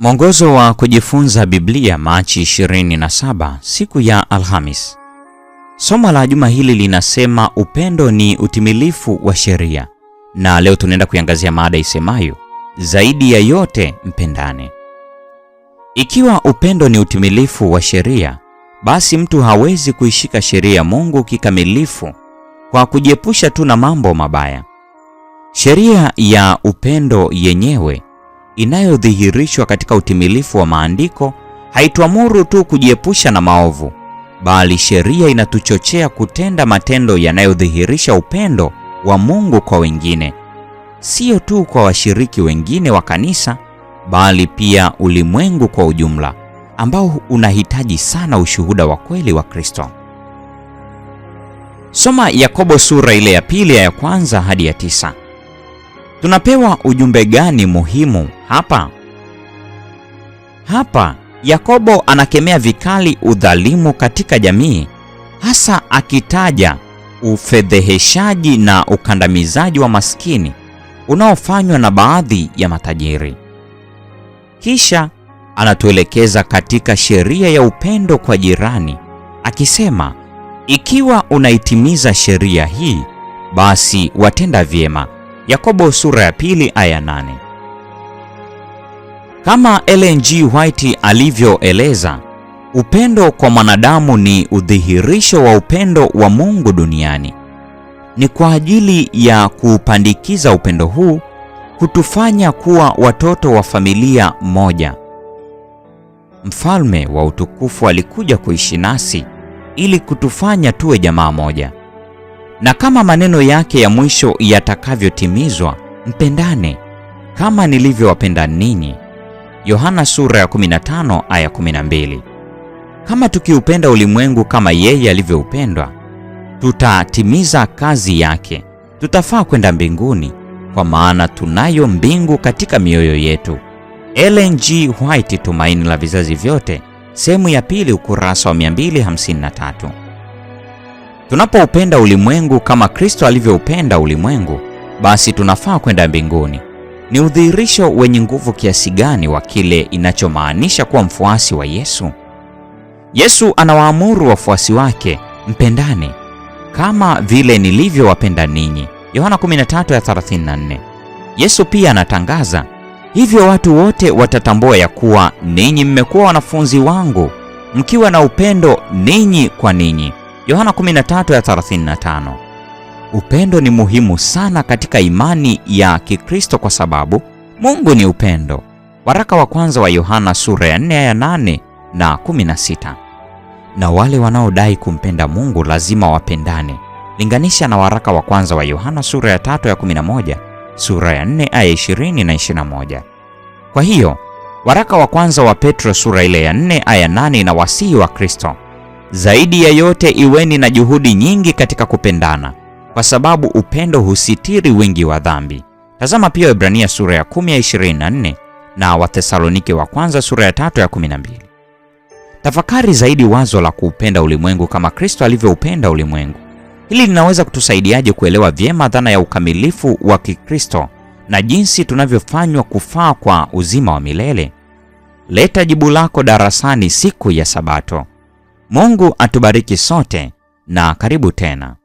Mwongozo wa kujifunza Biblia Machi 27, siku ya Alhamis. Somo la juma hili linasema upendo ni utimilifu wa sheria, na leo tunaenda kuiangazia mada isemayo zaidi ya yote mpendane. Ikiwa upendo ni utimilifu wa sheria, basi mtu hawezi kuishika sheria ya Mungu kikamilifu kwa kujiepusha tu na mambo mabaya. Sheria ya upendo yenyewe inayodhihirishwa katika utimilifu wa maandiko haituamuru tu kujiepusha na maovu, bali sheria inatuchochea kutenda matendo yanayodhihirisha upendo wa Mungu kwa wengine, sio tu kwa washiriki wengine wa kanisa, bali pia ulimwengu kwa ujumla ambao unahitaji sana ushuhuda wa kweli wa Kristo. Soma Yakobo sura ile ya pili ya kwanza hadi ya tisa. Tunapewa ujumbe gani muhimu hapa? Hapa Yakobo anakemea vikali udhalimu katika jamii, hasa akitaja ufedheheshaji na ukandamizaji wa maskini unaofanywa na baadhi ya matajiri. Kisha anatuelekeza katika sheria ya upendo kwa jirani akisema, ikiwa unaitimiza sheria hii, basi watenda vyema Yakobo sura ya pili aya nane. Kama Ellen G. White alivyoeleza, upendo kwa mwanadamu ni udhihirisho wa upendo wa Mungu duniani. Ni kwa ajili ya kuupandikiza upendo huu kutufanya kuwa watoto wa familia moja. Mfalme wa utukufu alikuja kuishi nasi ili kutufanya tuwe jamaa moja na kama maneno yake ya mwisho yatakavyotimizwa, mpendane kama nilivyowapenda ninyi. Yohana sura ya 15 aya 12. Kama tukiupenda ulimwengu kama yeye alivyoupendwa, tutatimiza kazi yake, tutafaa kwenda mbinguni, kwa maana tunayo mbingu katika mioyo yetu. Ellen G. White, Tumaini la Vizazi Vyote, sehemu ya pili, ukurasa wa 253. Tunapoupenda ulimwengu kama Kristo alivyoupenda ulimwengu, basi tunafaa kwenda mbinguni. Ni udhihirisho wenye nguvu kiasi gani wa kile inachomaanisha kuwa mfuasi wa Yesu? Yesu anawaamuru wafuasi wake, mpendane kama vile nilivyowapenda ninyi, Yohana 13:34. Yesu pia anatangaza hivyo, watu wote watatambua ya kuwa ninyi mmekuwa wanafunzi wangu mkiwa na upendo ninyi kwa ninyi. Yohana 13:35. Upendo ni muhimu sana katika imani ya Kikristo kwa sababu Mungu ni upendo. Waraka wa kwanza wa Yohana sura ya 4 ya 8 na 16. Na wale wanaodai kumpenda Mungu lazima wapendane. Linganisha na waraka wa kwanza wa Yohana sura ya 3 ya 11, sura ya 4 aya 20 na 21. Kwa hiyo waraka wa kwanza wa Petro sura ile ya 4 aya 8 na wasihi wa Kristo zaidi ya yote, iweni na juhudi nyingi katika kupendana, kwa sababu upendo husitiri wingi wa dhambi. Tazama pia Waebrania sura ya 10 ya 24 na Wathesalonike wa kwanza sura ya 3 ya 12. Tafakari zaidi wazo la kuupenda ulimwengu kama Kristo alivyoupenda ulimwengu. Hili linaweza kutusaidiaje kuelewa vyema dhana ya ukamilifu wa Kikristo na jinsi tunavyofanywa kufaa kwa uzima wa milele? Leta jibu lako darasani siku ya Sabato. Mungu atubariki sote na karibu tena.